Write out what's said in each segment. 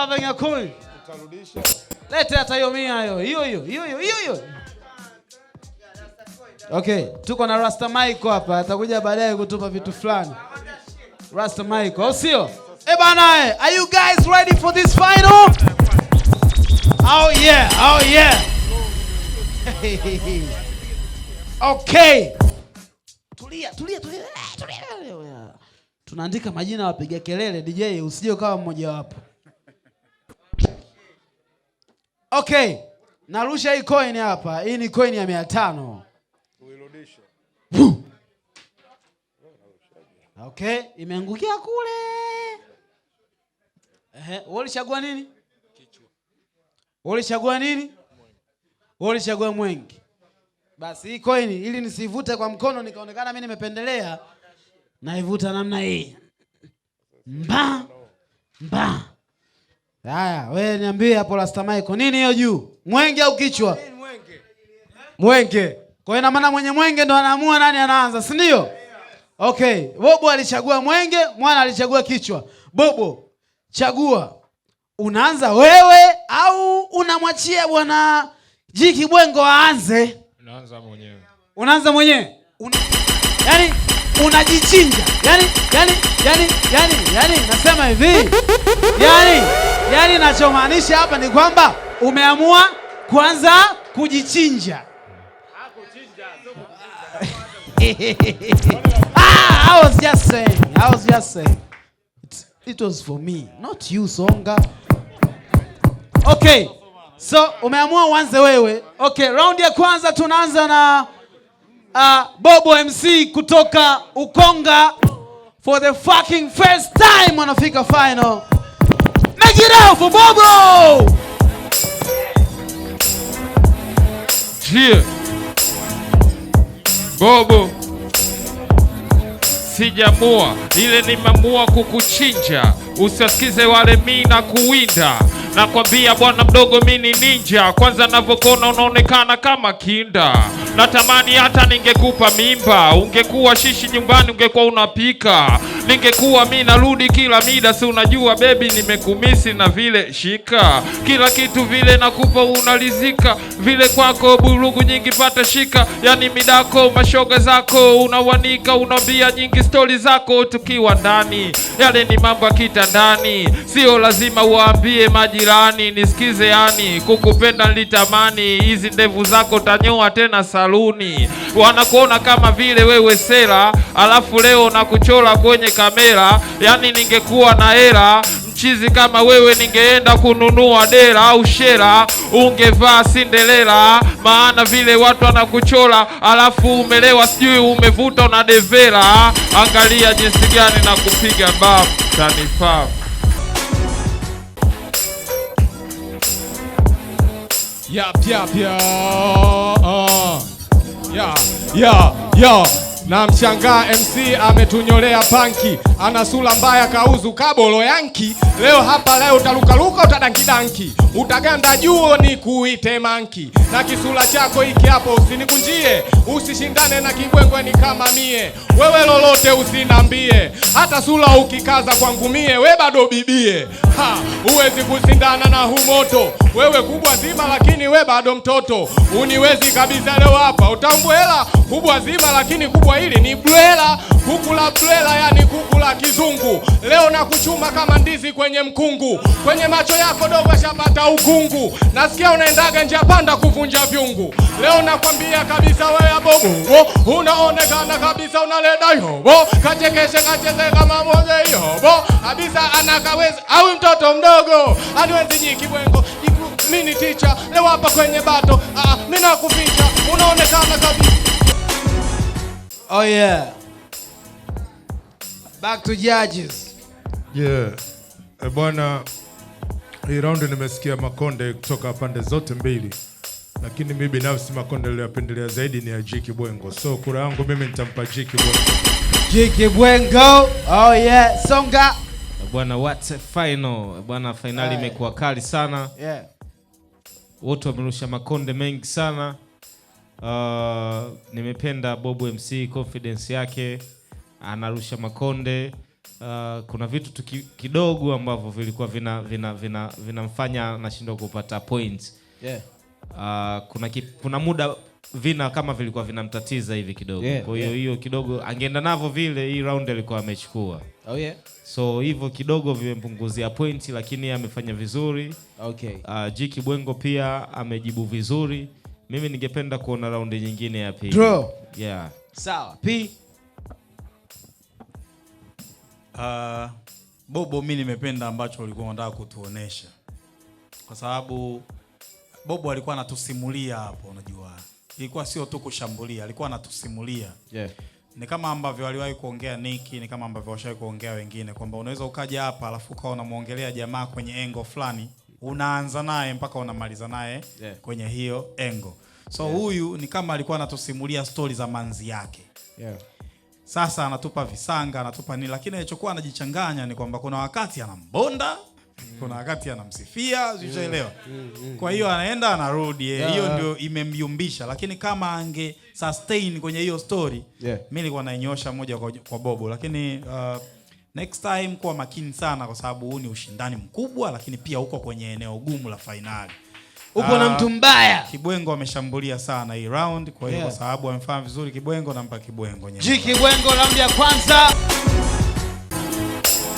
Mshavanya koi. Utarudisha. Leta hata hiyo mia hiyo. Hiyo hiyo hiyo hiyo hiyo. Okay, tuko na Rasta Mike hapa. Atakuja baadaye kutupa vitu fulani. Rasta Mike, au sio? Eh, bana, eh, are you guys ready for this final? Oh yeah, oh yeah. Okay. Tulia, tulia, tulia. Tunaandika majina wapiga kelele DJ, usije ukawa mmoja wapo. Okay, narusha hii coin hapa. Hii ni coin ya mia tano. Okay, imeangukia kule. Ehe, wewe ulichagua nini? Kichwa. Wewe ulichagua nini? Wewe ulichagua mwengi. Basi hii coin ili nisivute kwa mkono nikaonekana mimi nimependelea, naivuta namna hii. Mba. Mba. Haya, we niambie hapo Rastamaiko nini hiyo juu? Mwenge au kichwa? Mwenge. Mwenge. Kwa hiyo ina maana mwenye mwenge ndo anaamua nani anaanza, si ndio? Okay, Bobo alichagua mwenge, mwana alichagua kichwa. Bobo, chagua. Unaanza wewe au unamwachia bwana Jiki Bwengo aanze? Unaanza mwenyewe. Unaanza mwenyewe? Una... Yaani unajichinja. Yaani, yaani, yaani, yaani, yaani nasema hivi. Yaani Yaani nachomaanisha hapa ni kwamba umeamua kwanza kujichinja. ah, I was just saying. I was just saying. It, it was for me, not you Songa. Okay. So umeamua uanze wewe. Okay, round ya kwanza tunaanza na uh, Bobo MC kutoka Ukonga for the fucking first time wanafika final. Negira for Bobo! Bobo, sijamua ile, nimeamua kukuchinja, usasikize wale mi na kuwinda Nakwambia bwana mdogo, mi ni ninja. Kwanza navyokona unaonekana kama kinda, natamani hata ningekupa mimba, ungekuwa shishi nyumbani, ungekuwa unapika ningekuwa mi narudi kila mida, si unajua bebi, nimekumisi na vile shika kila kitu vile nakupa unalizika vile kwako burugu nyingi pata shika, yani midako mashoga zako unawanika, unaambia nyingi stori zako tukiwa ndani, yale ni mambo ya kitandani, sio lazima uambie majirani. Nisikize yani, kukupenda nilitamani, hizi ndevu zako tanyoa tena saluni, wanakuona kama vile wewe sera, alafu leo nakuchora kwenye kamera. Yani ningekuwa na hela mchizi kama wewe, ningeenda kununua dera au shera, ungevaa Cinderella, maana vile watu anakuchola alafu umelewa, sijui umevuta na devera. Angalia jinsi gani na kupiga bafu tanifam Yap, yap, yap. Uh, yeah, yeah, yeah na mshangaa MC ametunyolea panki, ana sura mbaya, kauzu kabolo yanki. Leo hapa leo utalukaluka, utadankidanki, utaganda juo ni kuite manki, na kisura chako iki hapo usinikunjie, usishindane na kibwengwe ni kama mie, wewe lolote usinambie, hata sura ukikaza kwangu mie, we bado bibie. Ha, uwezi kusindana na huu moto, wewe kubwa zima, lakini we bado mtoto, uniwezi kabisa. Leo hapa utambwela kubwa zima, lakini kubwa Kiswahili ni bwela, kuku la bwela, yani kuku la kizungu. Leo na kuchuma kama ndizi kwenye mkungu, kwenye macho yako dogo shapata ukungu. Nasikia unaendaga njia panda kuvunja vyungu. Leo nakwambia kabisa wewe bobo, unaonekana kabisa unaleta yobo, kachekeshe kacheze kama moze yobo kabisa, anakaweza au mtoto mdogo aniwezi nyiki bwengo mini ticha leo hapa kwenye bato, ah, ah mimi nakuficha unaonekana kabisa Oh yeah. Back to judges. Yeah. E bwana, hii raundi nimesikia makonde kutoka pande zote mbili, lakini mimi binafsi makonde niliyopendelea zaidi ni ya Jiki Bwengo, so kura yangu mimi nitampa Jiki Bwengo. Jiki Bwengo. Oh yeah. Songa. E what a final. E finali imekuwa kali sana. Yeah. Wote wamerusha makonde mengi sana Uh, nimependa Bob MC confidence yake, anarusha makonde. Uh, kuna vitu tuki, kidogo ambavyo vilikuwa vinamfanya vina, vina, vina nashindwa kupata points yeah. Uh, kuna, ki, kuna muda vina kama vilikuwa vinamtatiza hivi kidogo yeah, kwa hiyo yeah. Hiyo kidogo angeenda navyo vile, hii round alikuwa amechukua oh, yeah. So hivyo kidogo vimepunguzia pointi, lakini amefanya vizuri okay. Uh, G Kibwengo pia amejibu vizuri mimi ningependa kuona raundi nyingine ya pili. Draw. Yeah. Sawa. P. Uh, Bobo mimi nimependa ambacho ulikuwa unataka kutuonesha. Kwa sababu Bobo alikuwa anatusimulia hapo, unajua. Ilikuwa sio tu kushambulia, alikuwa anatusimulia. Yeah. Ni kama ambavyo aliwahi kuongea Niki, ni kama ambavyo washawahi kuongea wengine kwamba unaweza ukaja hapa alafu ukawa unamwongelea jamaa kwenye engo fulani unaanza naye mpaka unamaliza naye yeah. kwenye hiyo engo so yeah. huyu ni kama alikuwa anatusimulia stori za manzi yake yeah. Sasa anatupa visanga, anatupa nini, lakini alichokuwa anajichanganya ni kwamba kuna wakati anambonda mm. kuna wakati anamsifia sichaelewa. Mm. Mm, kwa hiyo anaenda anarudi, eh, hiyo ndio imemyumbisha, lakini kama ange sustain kwenye hiyo story yeah. Mimi nilikuwa nainyosha moja kwa, kwa bobo lakini uh, Next time kuwa makini sana, kwa sababu huu ni ushindani mkubwa, lakini pia uko kwenye eneo gumu la fainali. Upo na ah, mtu mbaya. Kibwengo ameshambulia sana hii round, kwa hiyo yeah, kwa sababu amefanya vizuri Kibwengo, nampa Kibwengo Ji Kibwengo, round ya kwanza.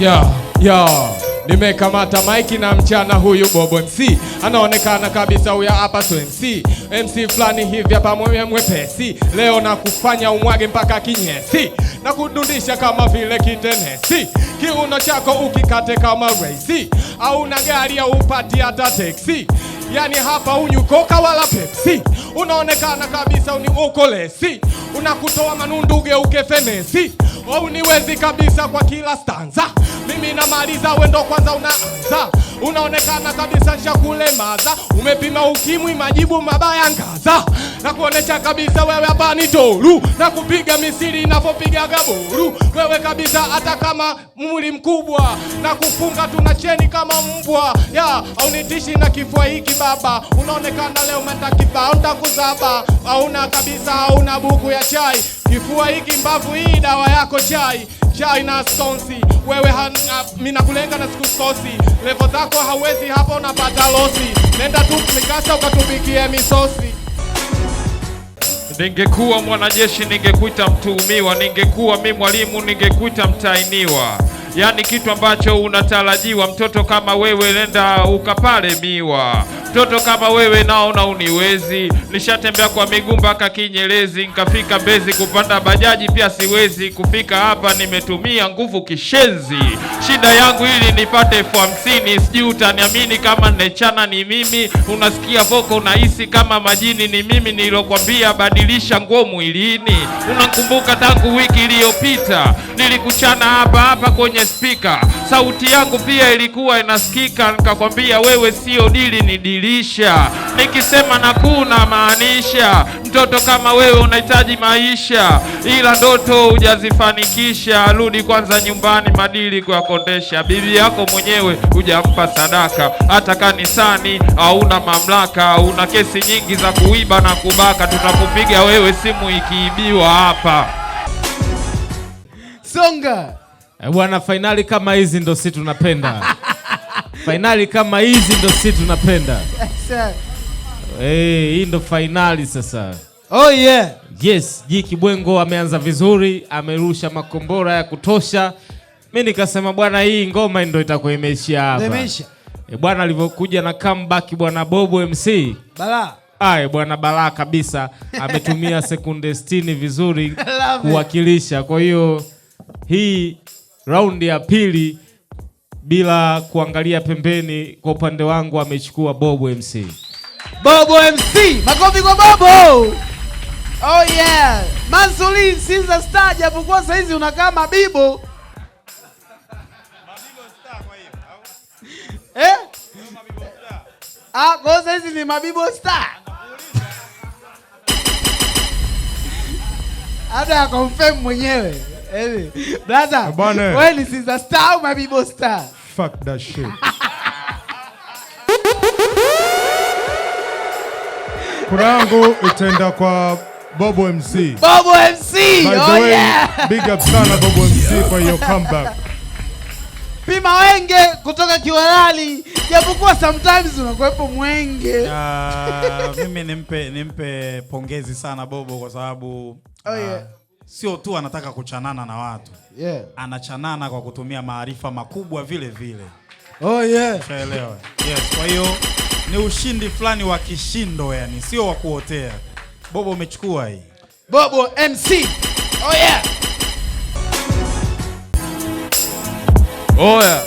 Yeah, yeah. Nimekamata mike na mchana huyu Bobo MC anaonekana kabisa, huya hapa tu MC MC fulani hivi hapa mwepesi, leo na kufanya umwage mpaka kinyesi na kudundisha kama vile kitenesi, kiuno chako ukikate kama raisi, au na gari au upati hata teksi. Yani hapa unyu koka wala Pepsi, unaonekana kabisa ni ukolesi, unakutoa manundu ugeuke fenesi au oh, niwezi kabisa kwa kila stanza, mimi namaliza wendo kwanza unaanza unaonekana kabisa cha kulemaza, umepima ukimwi, majibu mabaya ngaza, na kuonesha kabisa wewe hapa ni toru, na kupiga misiri inapopiga gaboru, wewe kabisa hata kama mwili mkubwa, na kufunga tuna cheni kama mbwa ya aunitishi na kifua hiki baba, unaonekana leo matakifaunda kuzaba, hauna kabisa, hauna buku ya chai, kifua hiki mbavu hii dawa yako chai chai na sonsi wewe mimi ah, nakulenga na sikukosi, levo zako hawezi hapo, unapata losi. Nenda tu mikasa ukatubikie misosi. Ningekuwa mwanajeshi ningekuita mtuhumiwa, ningekuwa mi mwalimu ningekuita mtainiwa yani kitu ambacho unatarajiwa. Mtoto kama wewe, nenda ukapale miwa. Mtoto kama wewe, naona uniwezi. Nishatembea kwa miguu mpaka Kinyerezi, nkafika Mbezi, kupanda bajaji pia siwezi. Kufika hapa nimetumia nguvu kishenzi, shida yangu ili nipate elfu hamsini. Sijui utaniamini kama nechana ni mimi, unasikia voko unahisi kama majini. Ni mimi nilokwambia badilisha nguo mwilini, unakumbuka tangu wiki iliyopita nilikuchana hapa hapa kwenye spika, sauti yangu pia ilikuwa inasikika. Nikakwambia wewe sio dili, ni dirisha. Nikisema nakuu na maanisha, mtoto kama wewe unahitaji maisha, ila ndoto hujazifanikisha. Rudi kwanza nyumbani, madili kuyakondesha. Bibi yako mwenyewe hujampa sadaka, hata kanisani hauna mamlaka. Una kesi nyingi za kuiba na kubaka, tutakupiga wewe simu ikiibiwa hapa. Songa. Eh, bwana, fainali kama hizi ndo si tunapenda. Fainali kama hizi ndo si tunapenda. Hey, eh, hii ndo fainali sasa. Oh yeah. Yes, G Kibwengo ameanza vizuri, amerusha makombora ya kutosha. Mi nikasema bwana, hii ngoma ndo itakuwa hapa. Imeisha. E bwana, alivyokuja na comeback bwana Bobo MC. Bala. Aye bwana, balaa kabisa, ametumia sekunde 60 vizuri kuwakilisha, kwa hiyo hii raundi ya pili bila kuangalia pembeni. Kwa upande wangu amechukua Bobo MC. Bobo MC, makofi kwa Bobo. Oh yeah. Mansuri Sinza Star japokuwa sasa hizi unakaa mabibo. Eh? Ah, kwa sasa hizi ni mabibo star. Hata confirm mwenyewe. Hey, eh, itenda Kura yangu itaenda kwa Bobo MC. Bobo MC. oh way, yeah. Big up sana Bobo MC kwa hiyo comeback. Pima wenge kutoka Kiwalali. Japokuwa sometimes unakuwepo mwenge. Ah, mimi nimpe nimpe pongezi sana Bobo kwa sababu oh ah, yeah sio tu anataka kuchanana na watu yeah. Anachanana kwa kutumia maarifa makubwa vile vile. Oh, yeah. Yes, kwa hiyo ni ushindi fulani wa kishindo, yani sio wa kuotea. Bobo, umechukua hii Bobo MC. Oh, yeah. Oh, yeah.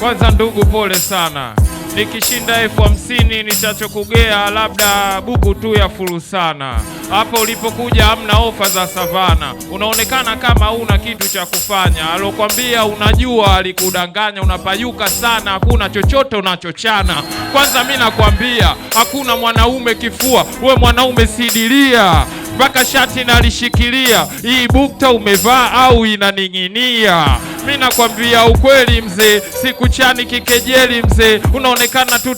Kwanza ndugu, pole sana nikishinda elfu hamsini nitachokugea labda buku tu ya furusana. Hapo ulipokuja hamna ofa za savana, unaonekana kama una kitu cha kufanya. Alokwambia unajua alikudanganya, unapayuka sana, hakuna chochote unachochana. Kwanza mi nakwambia hakuna mwanaume kifua, we mwanaume sidilia mpaka shati nalishikilia. Hii bukta umevaa au inaning'inia? mi nakwambia ukweli mzee, siku chani kikejeli mzee, unaonekana tu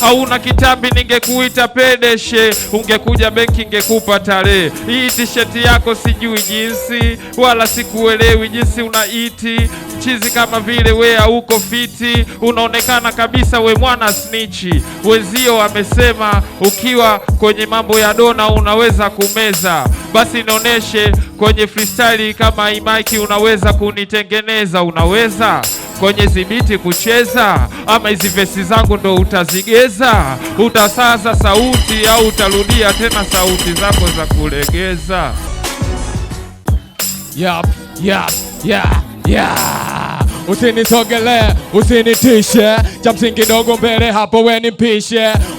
au una kitambi, ningekuita pedeshe, ungekuja benki ngekupa tarehe. Hii tisheti yako sijui jinsi, wala sikuelewi jinsi unaiti chizi kama vile we hauko fiti, unaonekana kabisa we mwana snichi. Wenzio wamesema ukiwa kwenye mambo ya dona unaweza kumeza, basi nioneshe Kwenye freestyle kama Imaki unaweza kunitengeneza, unaweza kwenye zibiti kucheza, ama hizi vesi zangu ndo utazigeza, utasaza sauti au utarudia tena sauti zako za kulegeza. Yep, yep, yeah, yeah usinisogelee, usinitishe, cha msingi dogo mbele hapo weni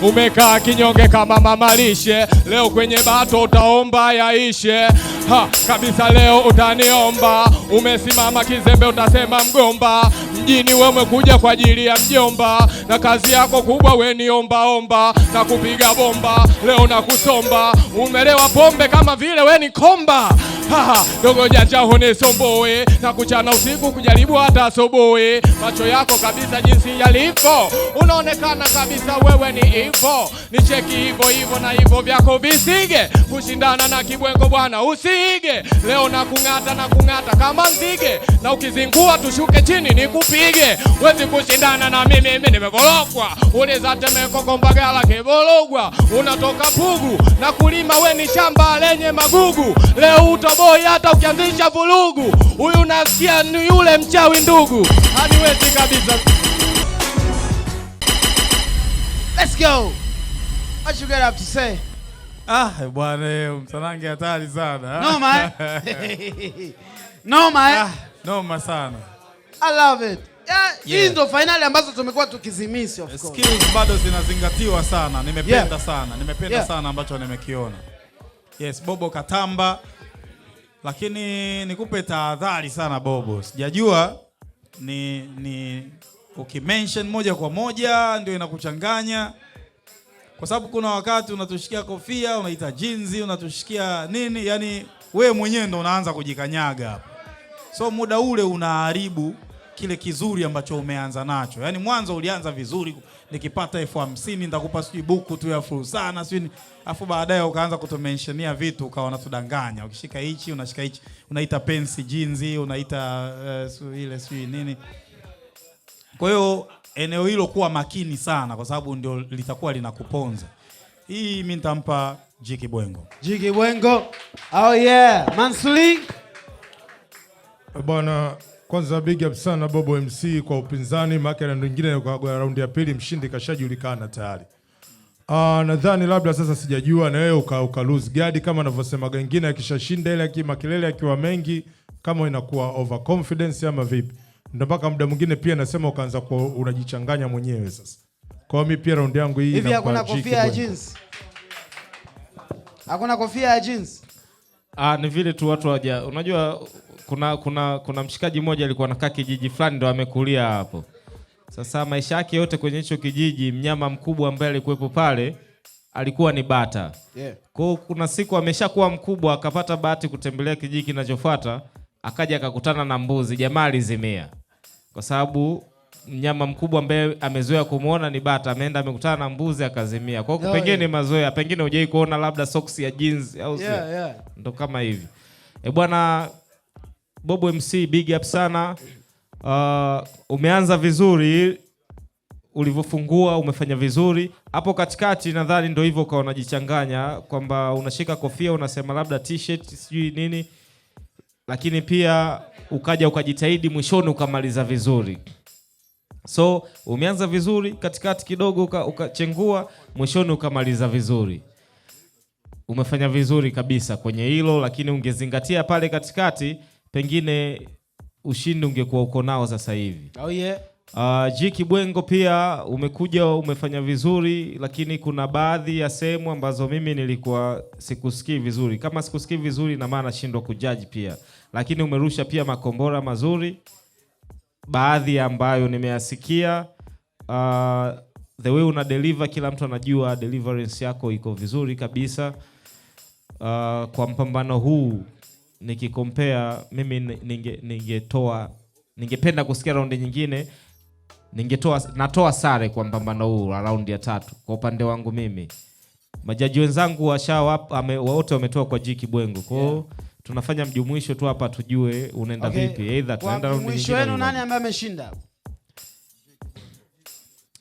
umekaa kinyonge kama mamalishe, leo kwenye bato utaomba yaishe. Ha, kabisa leo utaniomba, umesimama kizembe utasema mgomba, mjini we umekuja kwa ajili ya mjomba, na kazi yako kubwa weniombaomba, na kupiga bomba leo na kusomba, umelewa pombe kama vile weni komba haha, dogo janja hone somboe na kuchana usiku kujaribu hata asoboe. Macho yako kabisa jinsi yalivyo, unaonekana kabisa wewe ni hivyo. Nicheki hivyo hivyo na hivyo vyako visige, kushindana na kibwengo bwana usiige. Leo na kung'ata na kung'ata kama nzige, na ukizingua tushuke chini kupige, Wezi kushindana na mimi, mimi nimekorogwa, uliza temeko unatoka Pugu na kulima, we ni shamba lenye magugu, leo utobo boy, hata ukianzisha vurugu, huyu unasikia ni yule mchawi ndugu, haniwezi kabisa. Let's go. What you got up to say? Ah, bwana eh, msanange hatari sana. Noma eh? Noma eh? Ah, noma sana. I love it. Yeah, yeah. Ndo finali ambazo tumekuwa tukizimisi of course. Skills bado zinazingatiwa sana. Nimependa yeah. sana. Nimependa yeah. sana ambacho nimekiona. Yes, Bobo Katamba lakini nikupe tahadhari sana Bobo, sijajua ni ni ukimention moja kwa moja ndio inakuchanganya, kwa sababu kuna wakati unatushikia kofia, unaita jinzi, unatushikia nini, yani we mwenyewe ndo unaanza kujikanyaga hapa so muda ule unaharibu kile kizuri ambacho umeanza nacho. Yaani mwanzo ulianza vizuri, nikipata elfu hamsini nitakupa sijui buku tu ya sana sijui, afu baadaye ukaanza kutumenshenia vitu ukaona tudanganya. ukishika hichi unashika hichi, unaita pensi jinzi, unaita uh, ile sijui nini. Kwa hiyo eneo hilo kuwa makini sana, kwa sababu ndio litakuwa linakuponza. Hii mimi nitampa Jiki Bwengo. Jiki Bwengo. Oh yeah. Mansuli. Bwana kwanza big up sana Bobo MC kwa upinzani, maana na nyingine kwa raundi ya pili mshindi kashajulikana tayari. Ah, nadhani labda sasa sijajua na wewe uka, uka lose guard kama anavyosema wengine, akishashinda ile akima kelele akiwa mengi kama inakuwa overconfidence ama vipi? Ndio mpaka muda mwingine pia nasema ukaanza kwa unajichanganya mwenyewe sasa. Kwa hiyo mimi pia raundi yangu hii hivi hakuna kofia ya jeans. Hakuna kofia ya jeans. Ah, ni vile tu watu waja. Unajua kuna, kuna, kuna mshikaji mmoja alikuwa anakaa kijiji fulani ndo amekulia hapo. Sasa maisha yake yote kwenye hicho kijiji, mnyama mkubwa ambaye alikuwepo pale alikuwa ni bata. Yeah. Kwa kuna siku ameshakuwa mkubwa akapata bahati kutembelea kijiji kinachofuata, akaja akakutana na mbuzi, jamaa alizimia. Kwa sababu mnyama mkubwa ambaye amezoea kumuona ni bata, ameenda amekutana na mbuzi akazimia. Kwa hiyo pengine ni mazoea, pengine hujai kuona labda socks ya jeans au yeah, yeah. Ndo kama hivi. E bwana Bob MC, big up sana. Uh, umeanza vizuri ulivyofungua, umefanya vizuri hapo katikati, nadhani ndio hivyo ukawa unajichanganya kwamba unashika kofia unasema labda t-shirt sijui nini, lakini pia ukaja ukajitahidi mwishoni ukamaliza vizuri. So umeanza vizuri, katikati kidogo ukachengua, uka mwishoni ukamaliza vizuri. Umefanya vizuri kabisa kwenye hilo, lakini ungezingatia pale katikati pengine ushindi ungekuwa uko nao sasa hivi. Oh yeah. Uh, ah, Jiki Kibwengo pia umekuja umefanya vizuri, lakini kuna baadhi ya sehemu ambazo mimi nilikuwa sikusikii vizuri. Kama sikusikii vizuri, na maana nashindwa kujaji pia, lakini umerusha pia makombora mazuri, baadhi ambayo nimeyasikia. Uh, the way una deliver, kila mtu anajua deliverance yako iko vizuri kabisa. Uh, kwa mpambano huu nikikompea mimi ningetoa ninge ningependa kusikia raundi nyingine, ningetoa natoa sare kwa mpambano huu wa raundi ya tatu kwa upande wangu mimi. Majaji wenzangu wote wametoa kwa G Kibwengo, kwa yeah. tunafanya mjumuisho tu hapa tujue unaenda okay. vipi, aidha tunaenda nani ambaye ameshinda?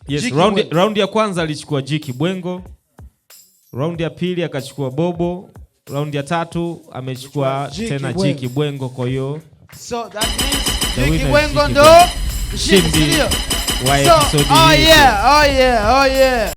Yes, raundi ya kwanza alichukua G Kibwengo, raundi ya pili akachukua Bobo Raundi ya tatu amechukua tena Jiki Bwengo, kwa hiyo so that means Jiki Bwengo ndo mshindi wa episode oh hii. Oh yeah, oh yeah, oh yeah.